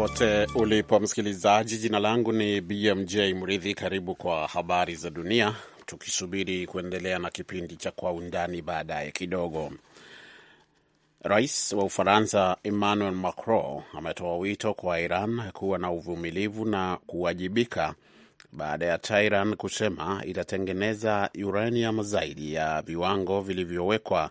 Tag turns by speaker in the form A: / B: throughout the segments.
A: popote ulipo msikilizaji, jina langu ni BMJ Mridhi. Karibu kwa habari za dunia, tukisubiri kuendelea na kipindi cha Kwa Undani baadaye kidogo. Rais wa Ufaransa Emmanuel Macron ametoa wito kwa Iran kuwa na uvumilivu na kuwajibika baada ya Tehran kusema itatengeneza uranium zaidi ya viwango vilivyowekwa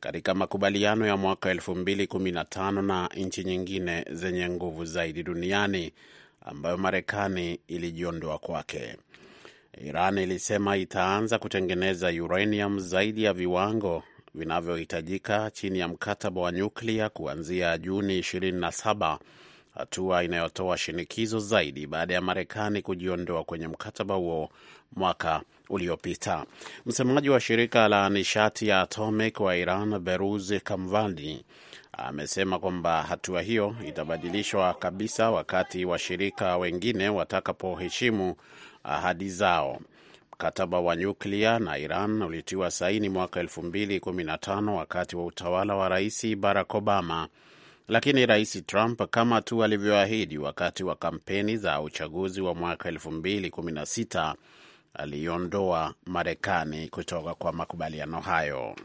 A: katika makubaliano ya mwaka 2015 na nchi nyingine zenye nguvu zaidi duniani ambayo Marekani ilijiondoa kwake. Iran ilisema itaanza kutengeneza uranium zaidi ya viwango vinavyohitajika chini ya mkataba wa nyuklia kuanzia Juni hatua inayotoa shinikizo zaidi baada ya Marekani kujiondoa kwenye mkataba huo mwaka uliopita. Msemaji wa shirika la nishati ya atomic wa Iran, Beruz Kamvandi, amesema kwamba hatua hiyo itabadilishwa kabisa wakati washirika wengine watakapoheshimu ahadi zao. Mkataba wa nyuklia na Iran ulitiwa saini mwaka 2015 wakati wa utawala wa Rais Barack Obama lakini Rais Trump kama tu alivyoahidi wakati wa kampeni za uchaguzi wa mwaka 2016 aliondoa Marekani kutoka kwa makubaliano hayo.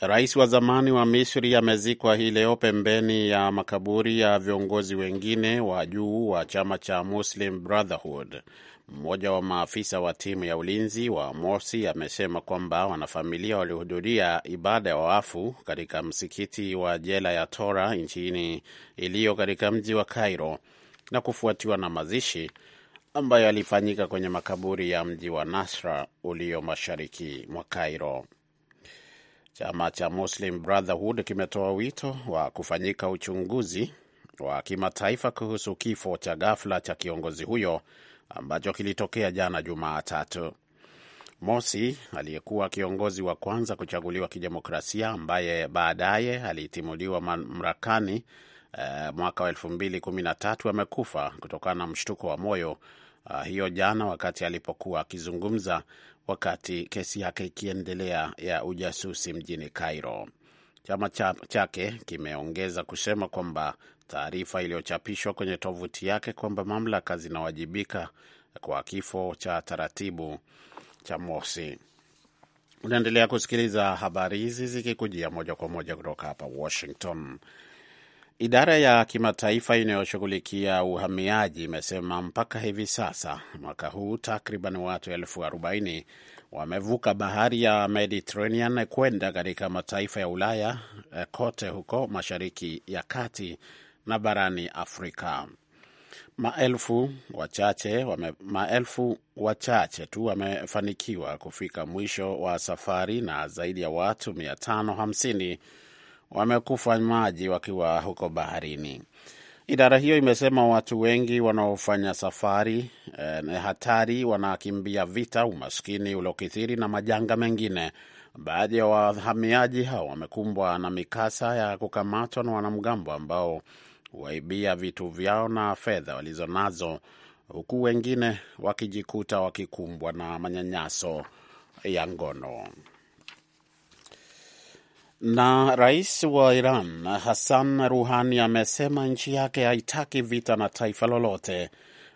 A: Rais wa zamani wa Misri amezikwa hii leo pembeni ya makaburi ya viongozi wengine wa juu wa chama cha Muslim Brotherhood. Mmoja wa maafisa wa timu ya ulinzi wa Morsi amesema kwamba wanafamilia walihudhuria ibada ya wa wafu katika msikiti wa jela ya Tora nchini iliyo katika mji wa Cairo na kufuatiwa na mazishi ambayo yalifanyika kwenye makaburi ya mji wa Nasra ulio mashariki mwa Cairo. Chama cha Muslim Brotherhood kimetoa wito wa kufanyika uchunguzi wa kimataifa kuhusu kifo cha ghafla cha kiongozi huyo ambacho kilitokea jana Jumatatu. Mosi aliyekuwa kiongozi wa kwanza kuchaguliwa kidemokrasia ambaye baadaye alitimuliwa mamlakani eh, mwaka wa elfu mbili kumi na tatu amekufa kutokana na mshtuko wa moyo ah, hiyo jana wakati alipokuwa akizungumza wakati kesi yake ikiendelea ya ujasusi mjini Cairo. Chama chake kimeongeza kusema kwamba taarifa iliyochapishwa kwenye tovuti yake kwamba mamlaka zinawajibika kwa kifo cha taratibu cha Morsi. Unaendelea kusikiliza habari hizi zikikujia moja kwa moja kutoka hapa Washington. Idara ya kimataifa inayoshughulikia uhamiaji imesema mpaka hivi sasa mwaka huu takriban watu elfu arobaini wamevuka bahari ya Mediterranean kwenda katika mataifa ya Ulaya eh, kote huko Mashariki ya Kati na barani Afrika. Maelfu wachache wame, maelfu wachache tu wamefanikiwa kufika mwisho wa safari na zaidi ya watu 550 wamekufa maji wakiwa huko baharini. Idara hiyo imesema watu wengi wanaofanya safari eh, hatari wanakimbia vita, umaskini uliokithiri na majanga mengine. Baadhi ya wahamiaji hao wamekumbwa na mikasa ya kukamatwa na wanamgambo ambao huwaibia vitu vyao na fedha walizonazo, huku wengine wakijikuta wakikumbwa na manyanyaso ya ngono. Na rais wa Iran Hassan Ruhani amesema nchi yake haitaki vita na taifa lolote,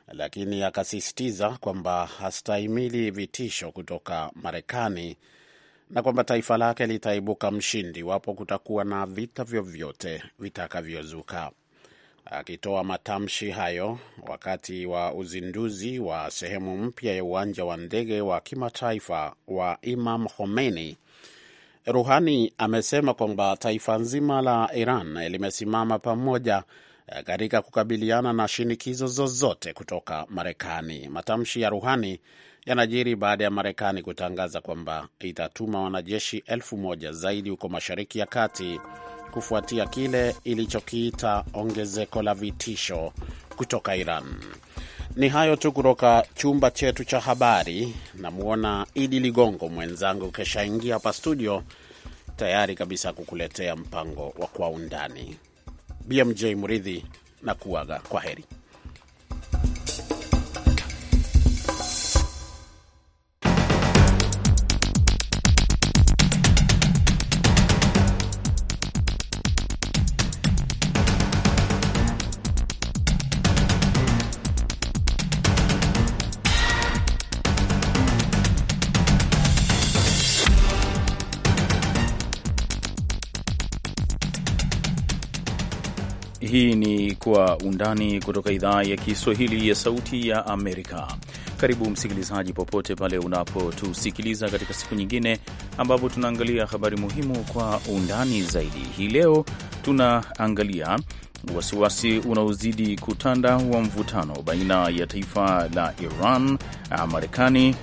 A: lakini akasisitiza kwamba hastahimili vitisho kutoka Marekani na kwamba taifa lake litaibuka mshindi iwapo kutakuwa na vita vyovyote vitakavyozuka. Akitoa matamshi hayo wakati wa uzinduzi wa sehemu mpya ya uwanja wa ndege wa kimataifa wa Imam Khomeini Ruhani amesema kwamba taifa nzima la Iran limesimama pamoja eh, katika kukabiliana na shinikizo zozote kutoka Marekani. Matamshi ya Ruhani yanajiri baada ya Marekani kutangaza kwamba itatuma wanajeshi elfu moja zaidi huko Mashariki ya Kati kufuatia kile ilichokiita ongezeko la vitisho kutoka Iran. Ni hayo tu kutoka chumba chetu cha habari. Namwona Idi Ligongo mwenzangu keshaingia hapa studio tayari kabisa kukuletea mpango wa kwa undani. BMJ Muridhi na kuaga kwa heri.
B: Kwa Undani kutoka idhaa ya Kiswahili ya Sauti ya Amerika. Karibu msikilizaji, popote pale unapotusikiliza katika siku nyingine ambapo tunaangalia habari muhimu kwa undani zaidi. Hii leo tunaangalia wasiwasi unaozidi kutanda wa mvutano baina ya taifa la Iran, Marekani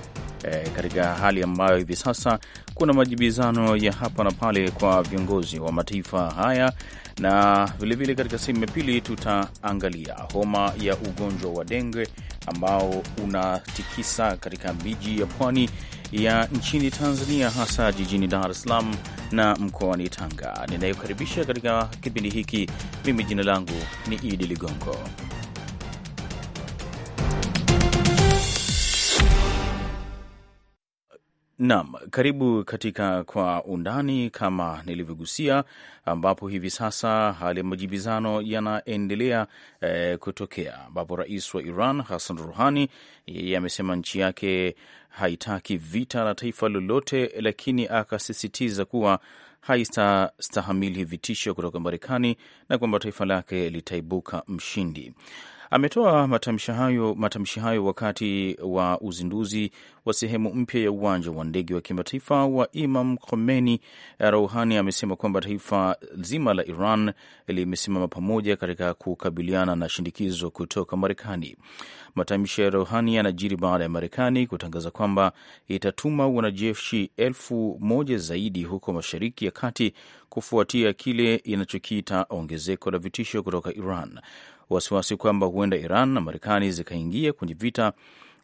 B: e, katika hali ambayo hivi sasa kuna majibizano ya hapa na pale kwa viongozi wa mataifa haya, na vilevile katika sehemu ya pili tutaangalia homa ya ugonjwa wa denge ambao unatikisa katika miji ya pwani ya nchini Tanzania, hasa jijini Dar es Salaam na mkoani Tanga. Ninayokaribisha katika kipindi hiki, mimi jina langu ni Idi Ligongo. Naam, karibu katika Kwa Undani kama nilivyogusia, ambapo hivi sasa hali ya majibizano yanaendelea e, kutokea ambapo rais wa Iran Hassan Ruhani yeye amesema nchi yake haitaki vita na taifa lolote, lakini akasisitiza kuwa haistastahamili vitisho kutoka Marekani na kwamba taifa lake litaibuka mshindi. Ametoa matamshi hayo, matamshi hayo wakati wa uzinduzi wa sehemu mpya ya uwanja wa ndege wa kimataifa wa Imam Khomeini. Rouhani amesema kwamba taifa zima la Iran limesimama pamoja katika kukabiliana na shinikizo kutoka Marekani. Matamshi ya Rouhani yanajiri baada ya Marekani kutangaza kwamba itatuma wanajeshi elfu moja zaidi huko mashariki ya Kati kufuatia kile inachokiita ongezeko la vitisho kutoka Iran. Wasiwasi kwamba huenda Iran na Marekani zikaingia kwenye vita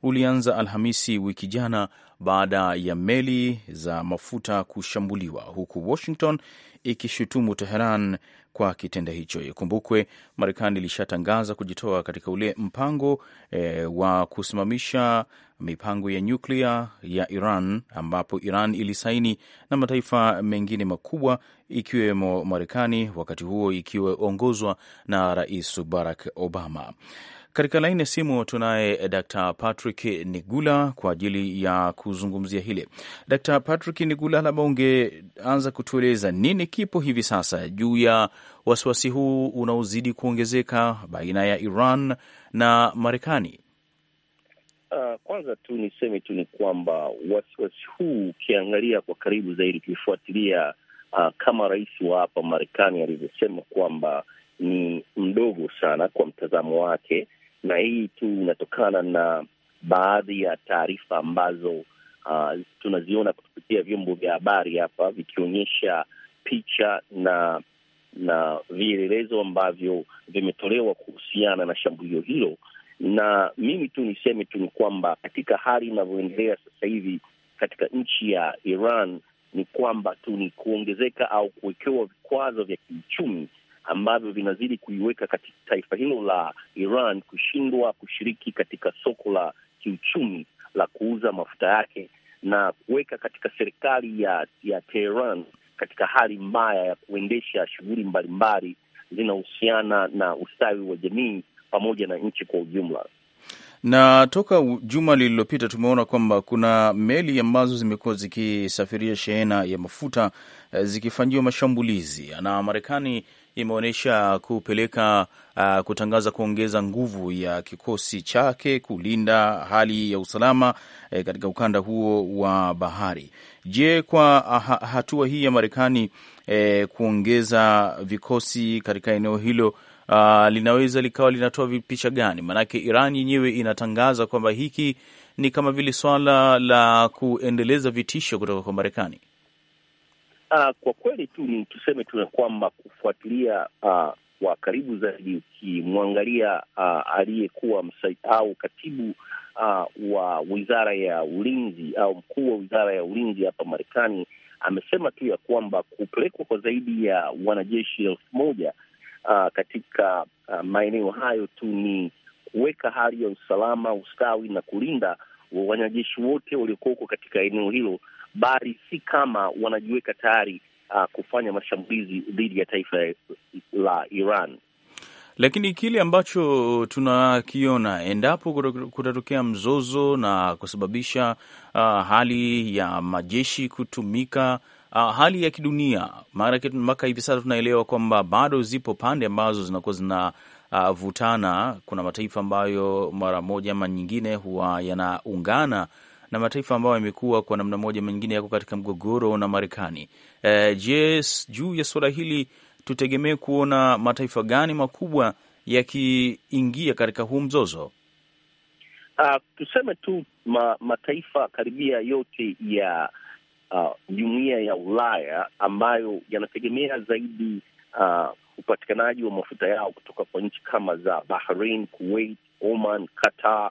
B: ulianza Alhamisi wiki jana baada ya meli za mafuta kushambuliwa, huku Washington ikishutumu Teheran kwa kitendo hicho. Ikumbukwe Marekani ilishatangaza kujitoa katika ule mpango e, wa kusimamisha mipango ya nyuklia ya Iran ambapo Iran ilisaini na mataifa mengine makubwa ikiwemo Marekani, wakati huo ikiongozwa na Rais Barack Obama. Katika laini ya simu tunaye Dr Patrick Nigula kwa ajili ya kuzungumzia hili. Dr Patrick Nigula, labda ungeanza kutueleza nini kipo hivi sasa juu ya wasiwasi huu unaozidi kuongezeka baina ya Iran na Marekani?
C: Uh, kwanza tu niseme tu ni kwamba wasiwasi huu ukiangalia kwa karibu zaidi, ukifuatilia uh, kama rais wa hapa Marekani alivyosema kwamba ni mdogo sana kwa mtazamo wake, na hii tu inatokana na baadhi ya taarifa ambazo uh, tunaziona kupitia vyombo vya habari hapa vikionyesha picha na na vielelezo ambavyo vimetolewa kuhusiana na shambulio hilo na mimi tu niseme tu ni kwamba katika hali inavyoendelea sasa hivi katika nchi ya Iran ni kwamba tu ni kuongezeka au kuwekewa vikwazo vya kiuchumi ambavyo vinazidi kuiweka katika taifa hilo la Iran kushindwa kushiriki katika soko la kiuchumi la kuuza mafuta yake na kuweka katika serikali ya ya Teheran katika hali mbaya ya kuendesha shughuli mbalimbali zinahusiana na ustawi wa jamii pamoja na nchi kwa ujumla.
B: Na toka juma lililopita tumeona kwamba kuna meli ambazo zimekuwa zikisafiria shehena ya mafuta eh, zikifanyiwa mashambulizi na Marekani imeonyesha kupeleka uh, kutangaza kuongeza nguvu ya kikosi chake kulinda hali ya usalama eh, katika ukanda huo wa bahari. Je, kwa uh, hatua hii ya Marekani eh, kuongeza vikosi katika eneo hilo uh, linaweza likawa linatoa picha gani? Maanake Iran yenyewe inatangaza kwamba hiki ni kama vile swala la kuendeleza vitisho kutoka kwa Marekani.
C: Uh, kwa kweli tu ni tuseme tu kwamba kufuatilia uh, kwa karibu zaidi ukimwangalia uh, aliyekuwa au katibu uh, wa wizara ya ulinzi au mkuu wa wizara ya ulinzi hapa Marekani amesema tu ya kwamba kupelekwa kwa zaidi ya wanajeshi elfu moja uh, katika uh, maeneo hayo tu ni kuweka hali ya usalama, ustawi na kulinda wanajeshi wote waliokuwa huko katika eneo hilo bali si kama wanajiweka tayari uh, kufanya mashambulizi dhidi ya taifa la Iran.
B: Lakini kile ambacho tunakiona endapo kutatokea mzozo na kusababisha uh, hali ya majeshi kutumika Uh, hali ya kidunia mpaka hivi sasa tunaelewa kwamba bado zipo pande ambazo zinakuwa zinavutana. Uh, kuna mataifa ambayo mara moja ama nyingine huwa yanaungana na mataifa ambayo yamekuwa kwa namna moja mengine yako katika mgogoro na Marekani. E, je, juu ya suala hili tutegemee kuona mataifa gani makubwa yakiingia katika huu mzozo?
C: Uh, tuseme tu ma, mataifa karibia yote ya ah, jumuiya uh, ya Ulaya ambayo yanategemea zaidi uh, upatikanaji wa mafuta yao kutoka kwa nchi kama za Bahrain, Kuwait, Oman, Qatar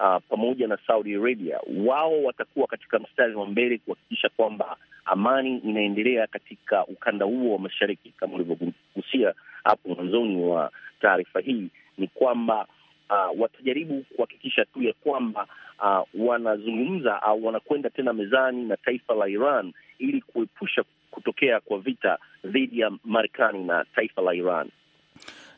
C: uh, pamoja na Saudi Arabia, wao watakuwa katika mstari wa mbele kuhakikisha kwamba amani inaendelea katika ukanda huo wa mashariki. Kama ulivyogusia hapo mwanzoni wa taarifa hii, ni kwamba uh, watajaribu kuhakikisha tu ya kwamba uh, wanazungumza au wanakwenda tena mezani na taifa la Iran ili kuepusha kutokea kwa vita dhidi ya Marekani na taifa la Iran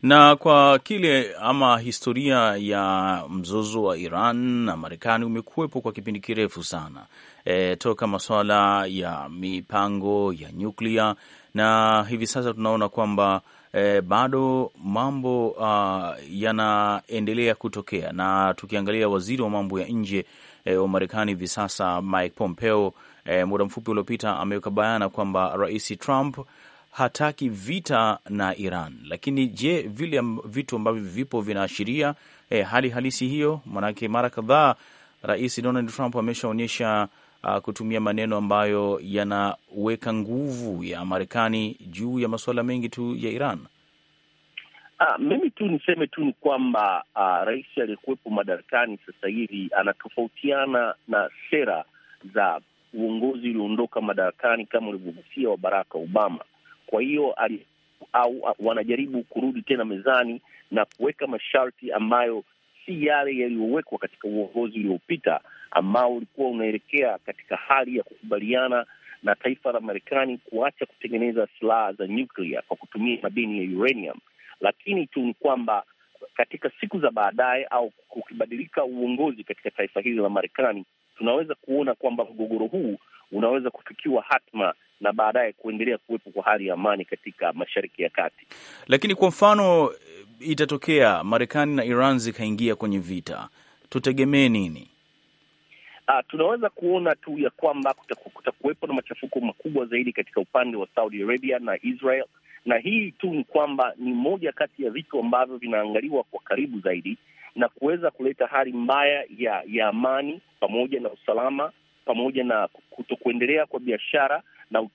B: na kwa kile ama historia ya mzozo wa Iran na Marekani umekuwepo kwa kipindi kirefu sana, e, toka masuala ya mipango ya nyuklia na hivi sasa tunaona kwamba e, bado mambo uh, yanaendelea kutokea, na tukiangalia waziri wa mambo ya nje e, wa Marekani hivi sasa Mike Pompeo e, muda mfupi uliopita ameweka bayana kwamba Rais Trump hataki vita na Iran, lakini je, vile vitu ambavyo vipo vinaashiria eh, hali halisi hiyo? Maanake mara kadhaa Rais Donald Trump ameshaonyesha uh, kutumia maneno ambayo yanaweka nguvu ya Marekani juu ya masuala mengi tu ya Iran.
C: Uh, mimi tu niseme tu ni kwamba uh, rais aliyekuwepo madarakani sasa hivi anatofautiana na sera za uongozi ulioondoka madarakani kama ulivyogusia wa Barack Obama. Kwa hiyo au, au wanajaribu kurudi tena mezani na kuweka masharti ambayo si yale yaliyowekwa katika uongozi uliopita ambao ulikuwa unaelekea katika hali ya kukubaliana na taifa la Marekani kuacha kutengeneza silaha za nyuklia kwa kutumia madini ya uranium, lakini tu ni kwamba katika siku za baadaye au kukibadilika uongozi katika taifa hili la Marekani, tunaweza kuona kwamba mgogoro huu unaweza kufikiwa hatma na baadaye kuendelea kuwepo kwa hali ya amani katika Mashariki ya Kati.
B: Lakini kwa mfano itatokea Marekani na Iran zikaingia kwenye vita, tutegemee nini?
C: Uh, tunaweza kuona tu ya kwamba kutakuwepo na machafuko makubwa zaidi katika upande wa Saudi Arabia na Israel, na hii tu ni kwamba ni moja kati ya vitu ambavyo vinaangaliwa kwa karibu zaidi na kuweza kuleta hali mbaya ya ya amani pamoja na usalama pamoja na kutokuendelea kwa biashara na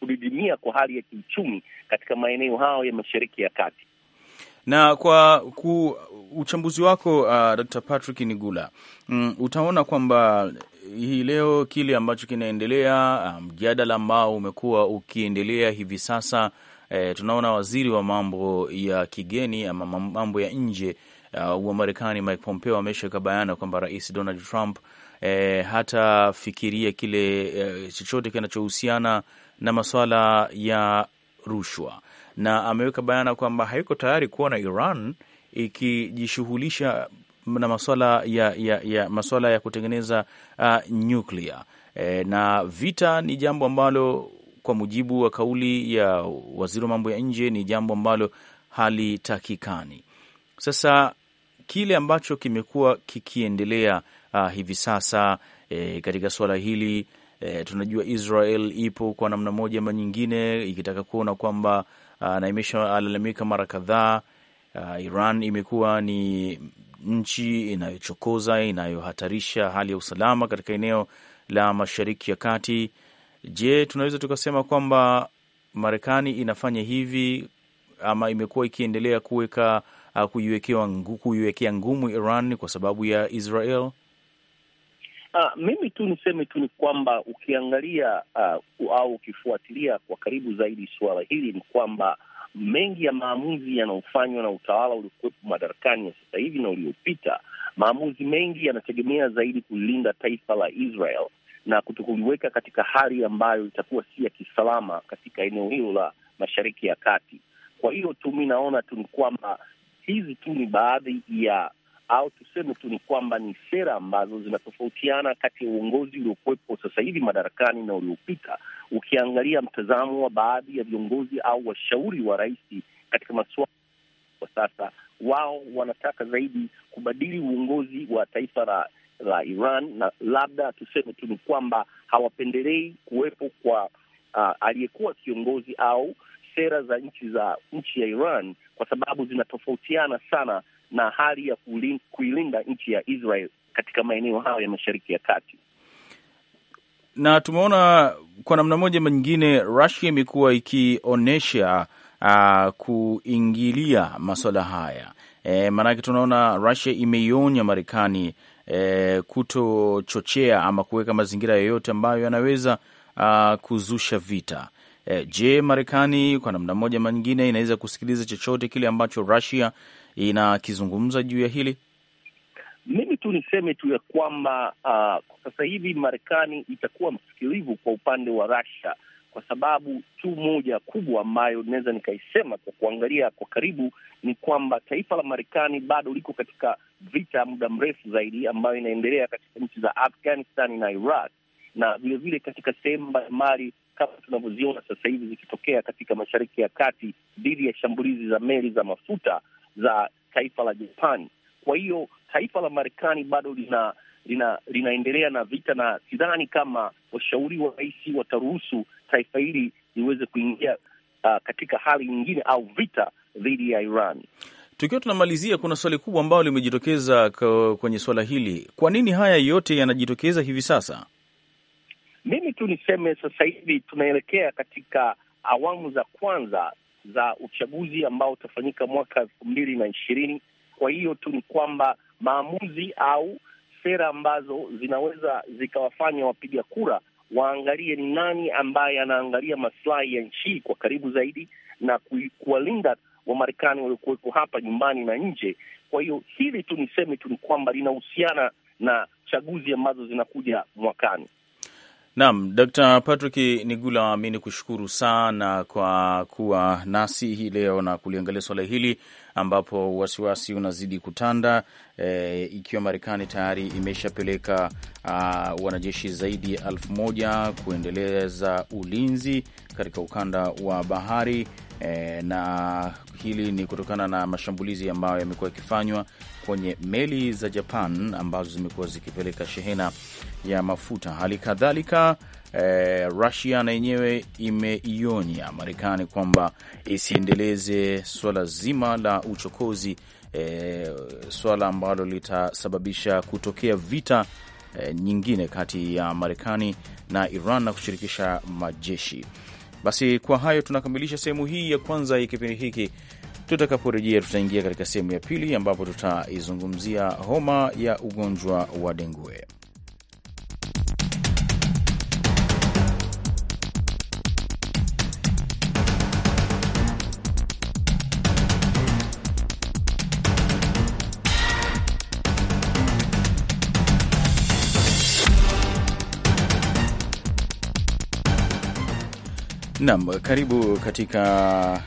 C: kudidimia kwa hali ya kiuchumi katika maeneo hayo ya Mashariki ya Kati.
B: Na kwa ku, uchambuzi wako uh, Dr. Patrick Nigula, mm, utaona kwamba hii leo kile ambacho kinaendelea uh, mjadala um, ambao umekuwa ukiendelea hivi sasa eh, tunaona waziri wa mambo ya kigeni ama mambo ya nje uh, wa Marekani Mike Pompeo ameshaweka bayana kwamba Rais Donald Trump e, hata fikiria kile e, chochote kinachohusiana na masuala ya rushwa, na ameweka bayana kwamba hayuko tayari kuona Iran ikijishughulisha na masuala ya, ya, ya, masuala ya kutengeneza uh, nyuklia e, na vita ni jambo ambalo kwa mujibu wa kauli ya waziri wa mambo ya nje ni jambo ambalo halitakikani. Sasa kile ambacho kimekuwa kikiendelea uh, hivi sasa e, katika suala hili e, tunajua Israel ipo kwa namna moja ama nyingine ikitaka kuona kwamba uh, na imeshalalamika mara kadhaa uh, Iran imekuwa ni nchi inayochokoza inayohatarisha hali ya usalama katika eneo la Mashariki ya Kati. Je, tunaweza tukasema kwamba Marekani inafanya hivi ama imekuwa ikiendelea kuweka kuiwekea ngumu Iran kwa sababu ya Israel?
C: Uh, mimi tu niseme tu ni kwamba ukiangalia uh, au ukifuatilia kwa karibu zaidi suala hili ni kwamba mengi ya maamuzi yanayofanywa na utawala uliokuwepo madarakani ya sasa hivi na uliopita, maamuzi mengi yanategemea zaidi kulinda taifa la Israel na kutokuliweka katika hali ambayo itakuwa si ya kisalama katika eneo hilo la Mashariki ya Kati. Kwa hiyo tu mi naona tu ni kwamba hizi tu ni baadhi ya au tuseme tu ni kwamba ni sera ambazo zinatofautiana kati ya uongozi uliokuwepo sasa hivi madarakani na uliopita. Ukiangalia mtazamo wa baadhi ya viongozi au washauri wa rais katika masuala kwa sasa, wao wanataka zaidi kubadili uongozi wa taifa la la Iran, na labda tuseme tu ni kwamba hawapendelei kuwepo kwa uh, aliyekuwa kiongozi au sera za nchi za nchi ya Iran kwa sababu zinatofautiana sana na hali ya kuilinda nchi ya Israel katika maeneo hayo ya Mashariki ya Kati.
B: Na tumeona kwa namna moja ama nyingine Russia imekuwa ikionyesha uh, kuingilia masuala haya e, maanake tunaona Russia imeionya Marekani e, kutochochea ama kuweka mazingira yoyote ambayo yanaweza uh, kuzusha vita. E, je, Marekani kwa namna moja ama nyingine inaweza kusikiliza chochote kile ambacho Russia inakizungumza juu ya hili?
C: Mimi tu niseme tu ya kwamba uh, sasa hivi Marekani itakuwa msikilivu kwa upande wa Russia kwa sababu tu moja kubwa ambayo inaweza nikaisema kwa kuangalia kwa karibu ni kwamba taifa la Marekani bado liko katika vita ya muda mrefu zaidi ambayo inaendelea katika nchi za Afghanistan na Iraq na vilevile katika sehemu mbalimbali kama tunavyoziona sasa hivi zikitokea katika Mashariki ya Kati dhidi ya shambulizi za meli za mafuta za taifa la Japani. Kwa hiyo taifa la Marekani bado lina lina linaendelea na vita, na sidhani kama washauri wa rais wataruhusu taifa hili liweze kuingia uh, katika hali nyingine au vita dhidi ya Iran.
B: Tukiwa tunamalizia, kuna swali kubwa ambalo limejitokeza kwenye swala hili, kwa nini haya yote yanajitokeza hivi sasa?
C: Mimi tu niseme sasa hivi tunaelekea katika awamu za kwanza za uchaguzi ambao utafanyika mwaka elfu mbili na ishirini. Kwa hiyo tu ni kwamba maamuzi au sera ambazo zinaweza zikawafanya wapiga kura waangalie ni nani ambaye anaangalia masilahi ya nchi kwa karibu zaidi na kuwalinda Wamarekani waliokuwepo hapa nyumbani na nje. Kwa hiyo hili tu niseme tu ni kwamba linahusiana na chaguzi ambazo zinakuja mwakani.
B: Naam, d Patrick Nigula, mi ni kushukuru sana kwa kuwa nasi hii leo na kuliangalia swala hili ambapo wasiwasi unazidi kutanda e, ikiwa Marekani tayari imeshapeleka wanajeshi zaidi ya elfu moja kuendeleza ulinzi katika ukanda wa bahari e, na hili ni kutokana na mashambulizi ambayo yamekuwa yakifanywa kwenye meli za Japan ambazo zimekuwa zikipeleka shehena ya mafuta. Hali kadhalika e, Rusia na yenyewe imeionya Marekani kwamba isiendeleze suala zima la uchokozi e, suala ambalo litasababisha kutokea vita e, nyingine kati ya Marekani na Iran na kushirikisha majeshi basi kwa hayo tunakamilisha sehemu hii ya kwanza ya kipindi hiki. Tutakaporejea tutaingia katika sehemu ya pili ambapo tutaizungumzia homa ya ugonjwa wa dengue. nam karibu katika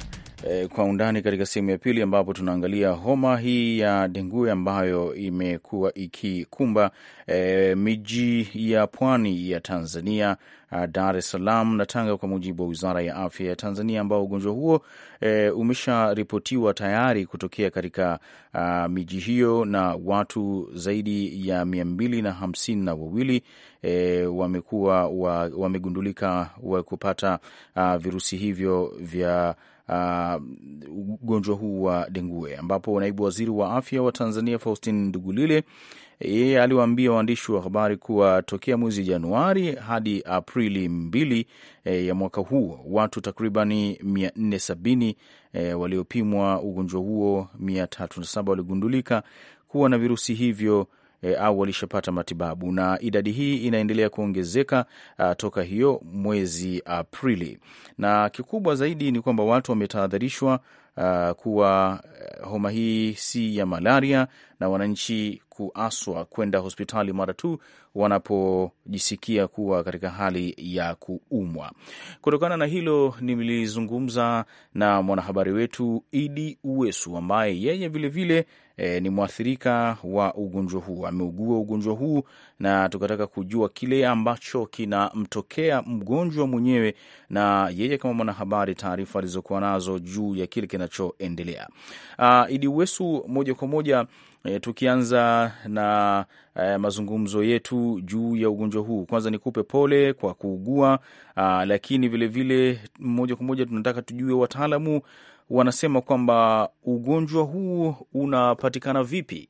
B: Eh, kwa undani katika sehemu ya pili, ambapo tunaangalia homa hii ya dengue ambayo imekuwa ikikumba e, miji ya pwani ya Tanzania ah, Dar es Salaam na Tanga kwa mujibu wa Wizara ya Afya ya Tanzania, ambao ugonjwa huo e, umesharipotiwa tayari kutokea katika ah, miji hiyo na watu zaidi ya mia mbili na hamsini na wawili e, wamekuwa wamegundulika wa kupata a, ah, virusi hivyo vya Uh, ugonjwa uh, huu wa dengue, ambapo naibu waziri wa afya wa Tanzania Faustin Ndugulile yeye aliwaambia waandishi wa habari kuwa tokea mwezi Januari hadi Aprili mbili e, ya mwaka huu watu takribani sabini e, waliopimwa ugonjwa huo saba waligundulika kuwa na virusi hivyo e, au walishapata matibabu, na idadi hii inaendelea kuongezeka a, ah, toka hiyo mwezi Aprili, na kikubwa zaidi ni kwamba watu wametahadharishwa Uh, kuwa eh, homa hii si ya malaria na wananchi kuaswa kwenda hospitali mara tu wanapojisikia kuwa katika hali ya kuumwa. Kutokana na hilo, nilizungumza na mwanahabari wetu Idi Uwesu ambaye yeye vilevile e, ni mwathirika wa ugonjwa huu, ameugua ugonjwa huu, na tukataka kujua kile ambacho kinamtokea mgonjwa mwenyewe na yeye kama mwanahabari, taarifa alizokuwa nazo juu ya kile kinachoendelea. Idi Uwesu, moja kwa moja e, tukianza na e, mazungumzo yetu juu ya ugonjwa huu, kwanza nikupe pole kwa kuugua lakini vilevile moja kwa moja tunataka
D: tujue wataalamu wanasema kwamba ugonjwa huu unapatikana vipi?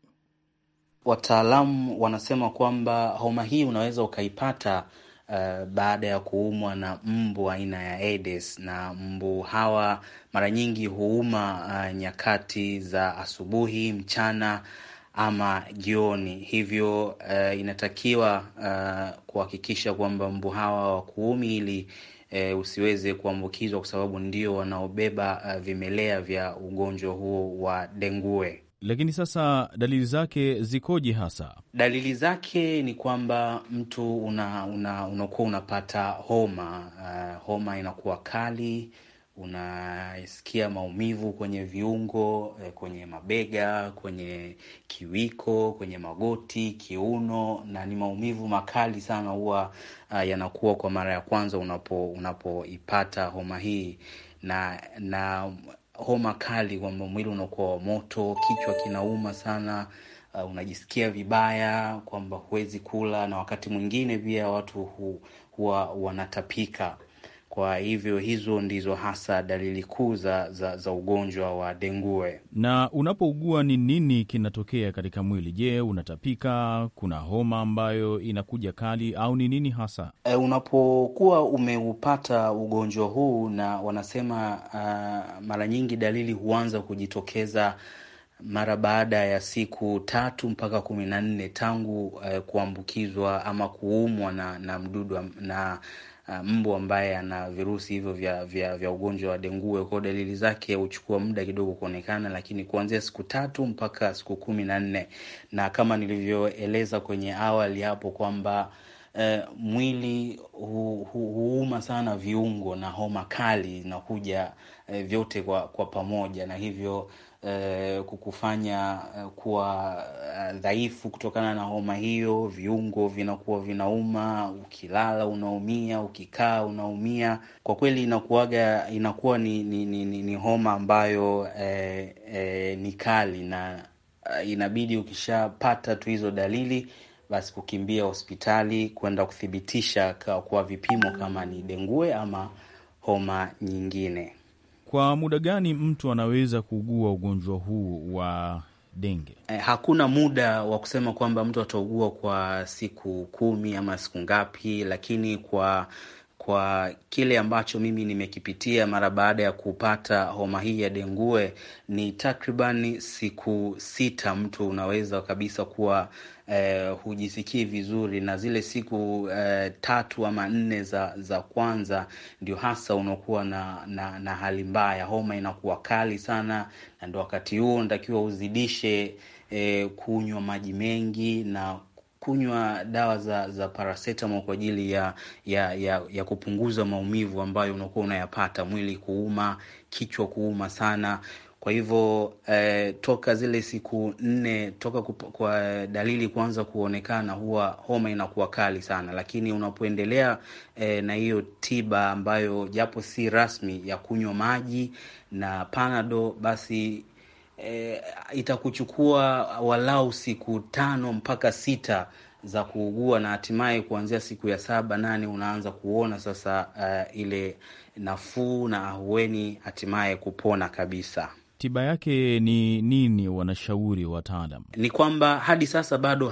D: Wataalamu wanasema kwamba homa hii unaweza ukaipata Uh, baada ya kuumwa na mbu aina ya Aedes na mbu hawa mara nyingi huuma uh, nyakati za asubuhi, mchana ama jioni. Hivyo uh, inatakiwa uh, kuhakikisha kwamba mbu hawa wakuumi ili e, usiweze kuambukizwa kwa sababu ndio wanaobeba uh, vimelea vya ugonjwa huo wa dengue. Lakini sasa
B: dalili zake zikoje? Hasa
D: dalili zake ni kwamba mtu unakuwa una, una unapata homa uh, homa inakuwa kali unasikia maumivu kwenye viungo, eh, kwenye mabega, kwenye kiwiko, kwenye magoti, kiuno, na ni maumivu makali sana, huwa uh, yanakuwa kwa mara ya kwanza unapo unapoipata homa hii, na na homa kali kwamba mwili unakuwa wa moto, kichwa kinauma sana. Uh, unajisikia vibaya kwamba huwezi kula, na wakati mwingine pia watu hu, huwa wanatapika kwa hivyo hizo ndizo hasa dalili kuu za, za, za ugonjwa wa dengue.
B: Na unapougua ni nini kinatokea katika mwili? Je, unatapika? Kuna homa ambayo inakuja kali au ni nini hasa?
D: E, unapokuwa umeupata ugonjwa huu na wanasema uh, mara nyingi dalili huanza kujitokeza mara baada ya siku tatu mpaka kumi na nne tangu uh, kuambukizwa ama kuumwa na, na mdudu na Ah, mbu ambaye ana virusi hivyo vya, vya, vya ugonjwa wa dengue. Kwa dalili zake huchukua muda kidogo kuonekana, lakini kuanzia siku tatu mpaka siku kumi na nne na kama nilivyoeleza kwenye awali hapo kwamba Uh, mwili hu, hu, huuma sana viungo na homa kali inakuja uh, vyote kwa, kwa pamoja na hivyo Eh, kukufanya eh, kuwa eh, dhaifu kutokana na homa hiyo. Viungo vinakuwa vinauma, ukilala unaumia, ukikaa unaumia. Kwa kweli inakuwaga inakuwa ni, ni, ni, ni homa ambayo eh, eh, ni kali na inabidi ukishapata tu hizo dalili basi kukimbia hospitali kwenda kuthibitisha kwa vipimo kama ni dengue ama homa nyingine.
B: Kwa muda gani mtu anaweza kuugua ugonjwa huu wa denge?
D: Eh, hakuna muda wa kusema kwamba mtu ataugua kwa siku kumi ama siku ngapi, lakini kwa kwa kile ambacho mimi nimekipitia mara baada ya kupata homa hii ya dengue, ni takribani siku sita mtu unaweza kabisa kuwa eh, hujisikii vizuri, na zile siku eh, tatu ama nne za, za kwanza ndio hasa unakuwa na, na, na hali mbaya, homa inakuwa kali sana, na ndio wakati huo unatakiwa uzidishe eh, kunywa maji mengi na kunywa dawa za za paracetamol kwa ajili ya, ya, ya, ya kupunguza maumivu ambayo unakuwa unayapata, mwili kuuma, kichwa kuuma sana. Kwa hivyo eh, toka zile siku nne toka kupa, kwa dalili kuanza kuonekana, huwa homa inakuwa kali sana, lakini unapoendelea eh, na hiyo tiba ambayo japo si rasmi ya kunywa maji na Panado, basi e, itakuchukua walau siku tano mpaka sita za kuugua na hatimaye kuanzia siku ya saba nane unaanza kuona sasa uh, ile nafuu na ahueni hatimaye kupona kabisa.
B: Tiba yake ni nini? Wanashauri wataalam
D: ni kwamba hadi sasa bado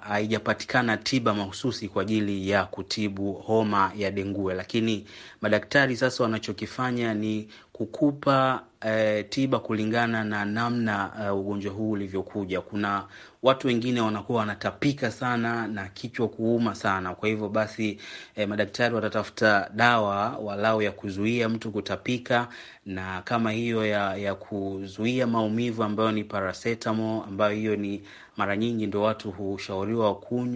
D: haijapatikana haija tiba mahususi kwa ajili ya kutibu homa ya dengue, lakini madaktari sasa wanachokifanya ni kukupa e, tiba kulingana na namna e, ugonjwa huu ulivyokuja. Kuna watu wengine wanakuwa wanatapika sana na kichwa kuuma sana, kwa hivyo basi e, madaktari watatafuta dawa walau ya kuzuia mtu kutapika, na kama hiyo ya, ya kuzuia maumivu ambayo ni paracetamol, ambayo hiyo ni mara nyingi ndo watu hushauriwa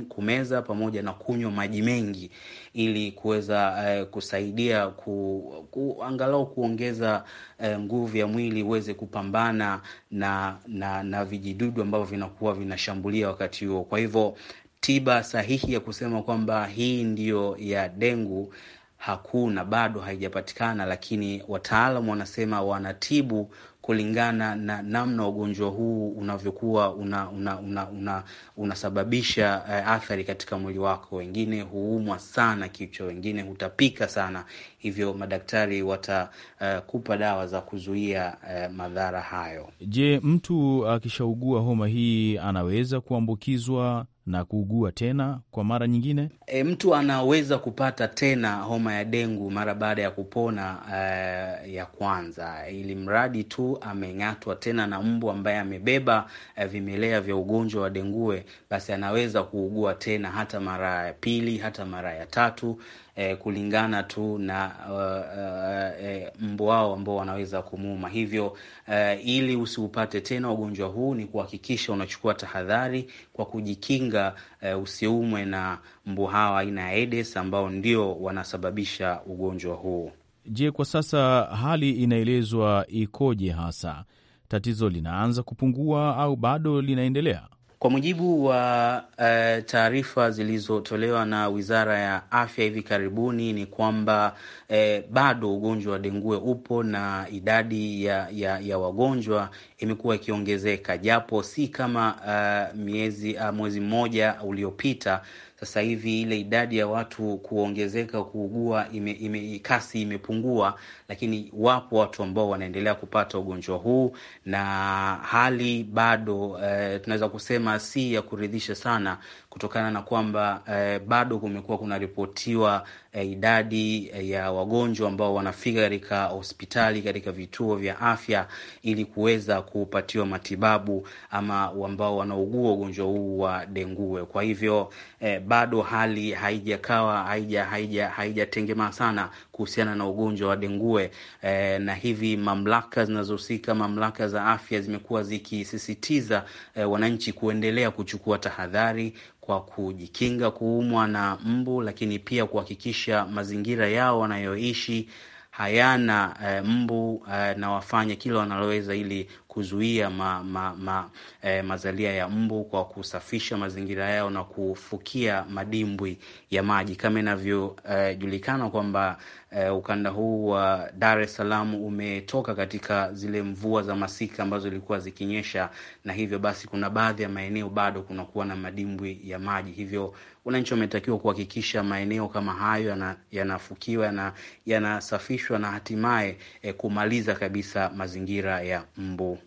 D: kumeza pamoja na kunywa maji mengi ili kuweza eh, kusaidia ku, ku, angalau kuongeza eh, nguvu ya mwili uweze kupambana na, na, na vijidudu ambavyo vinakuwa vinashambulia wakati huo. Kwa hivyo tiba sahihi ya kusema kwamba hii ndiyo ya dengu hakuna bado, haijapatikana, lakini wataalamu wanasema wanatibu kulingana na namna ugonjwa huu unavyokuwa unasababisha una, una, una, una eh, athari katika mwili wako. Wengine huumwa sana kichwa, wengine hutapika sana, hivyo madaktari watakupa eh, uh, dawa za kuzuia uh, madhara hayo.
B: Je, mtu akishaugua homa hii anaweza kuambukizwa na kuugua tena kwa mara nyingine?
D: E, mtu anaweza kupata tena homa ya dengu mara baada ya kupona uh, ya kwanza, ili mradi tu ameng'atwa tena na mbu ambaye amebeba uh, vimelea vya ugonjwa wa dengue, basi anaweza kuugua tena hata mara ya pili, hata mara ya tatu eh, kulingana tu na uh, uh, eh, mbu wao ambao wanaweza kumuuma. Hivyo uh, ili usiupate tena ugonjwa huu ni kuhakikisha unachukua tahadhari kwa kujikinga, uh, usiumwe na mbu hawa aina ya Aedes ambao ndio wanasababisha ugonjwa huu.
B: Je, kwa sasa hali inaelezwa ikoje? Hasa tatizo linaanza kupungua au bado
D: linaendelea? Kwa mujibu wa uh, taarifa zilizotolewa na Wizara ya Afya hivi karibuni ni kwamba eh, bado ugonjwa wa dengue upo na idadi ya, ya, ya wagonjwa imekuwa ikiongezeka japo si kama uh, miezi uh, mwezi mmoja uliopita. Sasa hivi ile idadi ya watu kuongezeka kuugua ime, ime, kasi imepungua, lakini wapo watu ambao wanaendelea kupata ugonjwa huu na hali bado eh, tunaweza kusema si ya kuridhisha sana, kutokana na kwamba eh, bado kumekuwa kunaripotiwa eh, idadi eh, ya wagonjwa ambao wanafika katika hospitali, katika vituo vya afya ili kuweza kupatiwa matibabu ama ambao wanaugua ugonjwa huu wa dengue. Kwa hivyo eh, bado hali haijakawa haijatengemaa haija, haija sana kuhusiana na ugonjwa wa dengue wenyewe e, na hivi mamlaka zinazohusika, mamlaka za afya zimekuwa zikisisitiza e, wananchi kuendelea kuchukua tahadhari kwa kujikinga kuumwa na mbu, lakini pia kuhakikisha mazingira yao wanayoishi hayana eh, mbu eh, na wafanye kila wanaloweza ili kuzuia ma, ma, ma, eh, mazalia ya mbu kwa kusafisha mazingira yao na kufukia madimbwi ya maji kama inavyojulikana eh, kwamba eh, ukanda huu wa Dar es Salaam umetoka katika zile mvua za masika ambazo zilikuwa zikinyesha, na hivyo basi kuna baadhi ya maeneo bado kunakuwa na madimbwi ya maji hivyo Wananchi wametakiwa kuhakikisha maeneo kama hayo yanafukiwa na yanasafishwa na hatimaye eh, kumaliza kabisa mazingira ya mbu.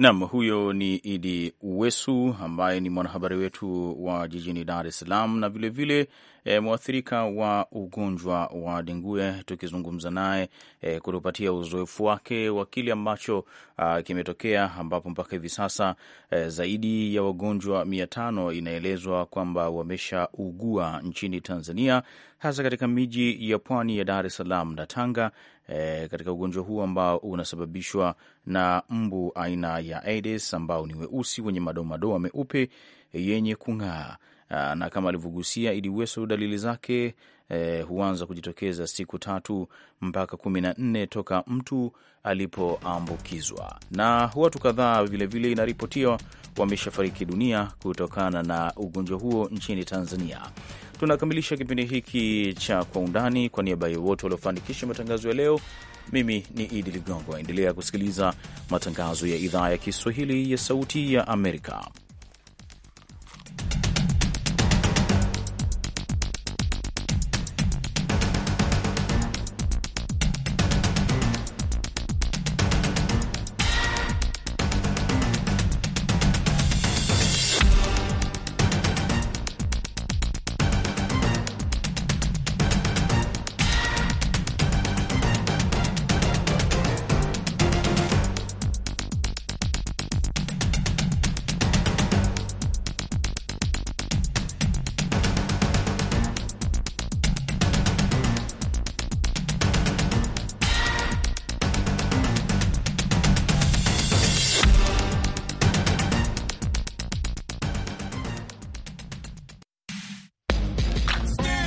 D: Nam, huyo ni Idi
B: Uwesu ambaye ni mwanahabari wetu wa jijini Dar es Salaam na vilevile e, eh, mwathirika wa ugonjwa wa dengue, tukizungumza naye e, kutupatia uzoefu wake wa kile ambacho ah, kimetokea, ambapo mpaka hivi sasa e, zaidi ya wagonjwa mia tano inaelezwa kwamba wameshaugua nchini Tanzania, hasa katika miji ya pwani ya Dar es Salaam na Tanga e, katika ugonjwa huu ambao unasababishwa na mbu aina ya Aedes ambao ni weusi wenye madoamadoa meupe yenye kung'aa ah, na kama alivyogusia Idi Weso, dalili zake eh, huanza kujitokeza siku tatu mpaka kumi na nne toka mtu alipoambukizwa, na watu kadhaa vilevile inaripotiwa wameshafariki dunia kutokana na ugonjwa huo nchini Tanzania. Tunakamilisha kipindi hiki cha Kwa Undani. Kwa niaba ya wote waliofanikisha matangazo ya leo, mimi ni Idi Ligongo. Endelea kusikiliza matangazo ya idhaa ya Kiswahili ya Sauti ya Amerika.